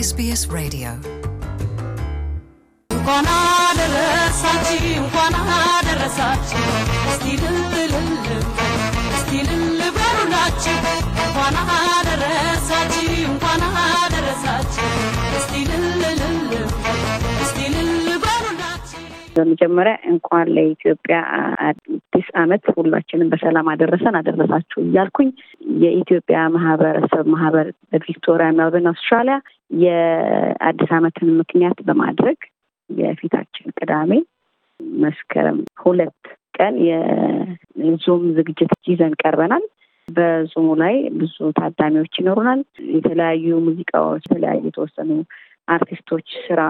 ኤስቢኤስ ሬዲዮ እንኳን አደረሳችሁ እንኳን አደረሳችሁ በመጀመሪያ እንኳን ለኢትዮጵያ አዲስ ዓመት ሁላችንም በሰላም አደረሰን አደረሳችሁ እያልኩኝ የኢትዮጵያ ማህበረሰብ ማህበር በቪክቶሪያ ሜልበርን አውስትራሊያ የአዲስ ዓመትን ምክንያት በማድረግ የፊታችን ቅዳሜ መስከረም ሁለት ቀን የዙም ዝግጅት ይዘን ቀርበናል። በዙሙ ላይ ብዙ ታዳሚዎች ይኖሩናል። የተለያዩ ሙዚቃዎች፣ የተለያዩ የተወሰኑ አርቲስቶች ስራ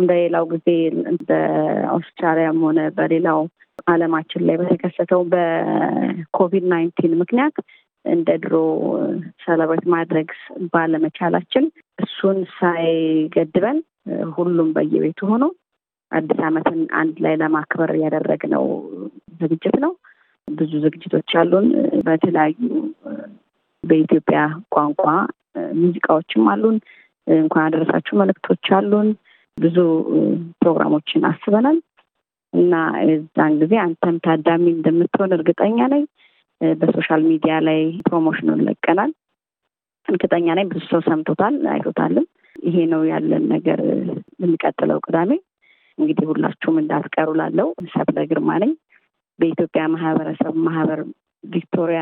እንደሌላው ጊዜ በአውስትራሊያም ሆነ በሌላው አለማችን ላይ በተከሰተው በኮቪድ ናይንቲን ምክንያት እንደ ድሮ ሰለብሬት ማድረግ ባለመቻላችን እሱን ሳይገድበን ሁሉም በየቤቱ ሆኖ አዲስ ዓመትን አንድ ላይ ለማክበር ያደረግነው ዝግጅት ነው። ብዙ ዝግጅቶች አሉን። በተለያዩ በኢትዮጵያ ቋንቋ ሙዚቃዎችም አሉን። እንኳን አደረሳችሁ መልእክቶች አሉን። ብዙ ፕሮግራሞችን አስበናል እና እዛን ጊዜ አንተም ታዳሚ እንደምትሆን እርግጠኛ ነኝ። በሶሻል ሚዲያ ላይ ፕሮሞሽኑን ለቀናል። እርግጠኛ ነኝ ብዙ ሰው ሰምቶታል፣ አይቶታልም። ይሄ ነው ያለን ነገር። የሚቀጥለው ቅዳሜ እንግዲህ ሁላችሁም እንዳትቀሩ። ላለው ሰብለ ግርማ ነኝ በኢትዮጵያ ማህበረሰብ ማህበር ቪክቶሪያ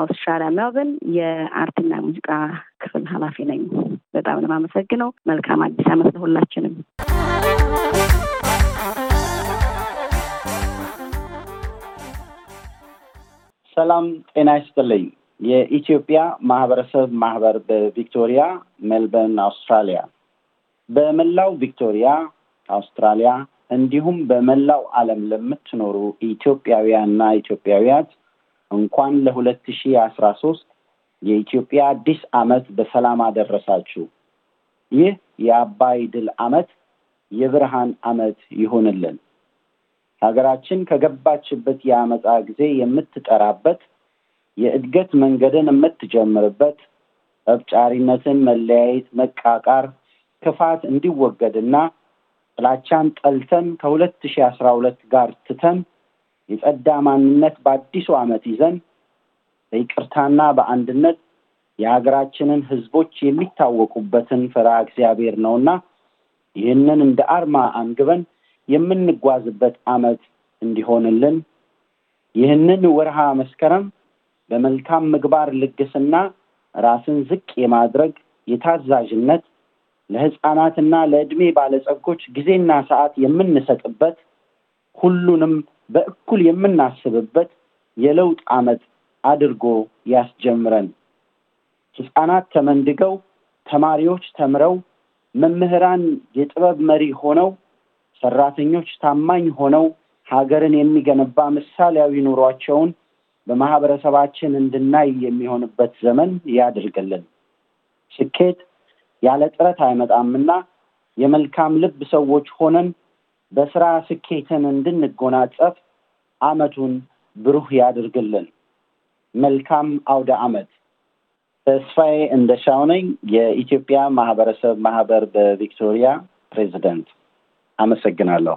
አውስትራሊያ ሜልበርን የአርትና ሙዚቃ ክፍል ኃላፊ ነኝ። በጣም ለማመሰግነው። መልካም አዲስ ዓመት ለሁላችንም። ሰላም ጤና ይስጥልኝ። የኢትዮጵያ ማህበረሰብ ማህበር በቪክቶሪያ ሜልበርን፣ አውስትራሊያ በመላው ቪክቶሪያ አውስትራሊያ እንዲሁም በመላው ዓለም ለምትኖሩ ኢትዮጵያውያንና ኢትዮጵያውያት እንኳን ለ2013 የኢትዮጵያ አዲስ ዓመት በሰላም አደረሳችሁ። ይህ የአባይ ድል ዓመት የብርሃን ዓመት ይሆንልን። ሀገራችን ከገባችበት የአመፃ ጊዜ የምትጠራበት፣ የእድገት መንገድን የምትጀምርበት፣ ጠብጫሪነትን፣ መለያየት፣ መቃቃር፣ ክፋት እንዲወገድና ጥላቻን ጠልተን ከሁለት ሺ አስራ ሁለት ጋር ትተን የጸዳ ማንነት በአዲሱ ዓመት ይዘን በይቅርታና በአንድነት የሀገራችንን ህዝቦች የሚታወቁበትን ፍራ እግዚአብሔር ነውና ይህንን እንደ አርማ አንግበን የምንጓዝበት ዓመት እንዲሆንልን ይህንን ወርሃ መስከረም በመልካም ምግባር ልግስና ራስን ዝቅ የማድረግ የታዛዥነት ለህፃናትና ለእድሜ ባለጸጎች ጊዜና ሰዓት የምንሰጥበት ሁሉንም በእኩል የምናስብበት የለውጥ ዓመት አድርጎ ያስጀምረን። ህፃናት ተመንድገው፣ ተማሪዎች ተምረው፣ መምህራን የጥበብ መሪ ሆነው፣ ሰራተኞች ታማኝ ሆነው ሀገርን የሚገነባ ምሳሌያዊ ኑሯቸውን በማህበረሰባችን እንድናይ የሚሆንበት ዘመን ያድርግልን። ስኬት ያለ ጥረት አይመጣምና የመልካም ልብ ሰዎች ሆነን በስራ ስኬትን እንድንጎናጸፍ አመቱን ብሩህ ያድርግልን። መልካም አውደ አመት። ተስፋዬ እንደሻው ነኝ፣ የኢትዮጵያ ማህበረሰብ ማህበር በቪክቶሪያ ፕሬዚደንት። አመሰግናለሁ።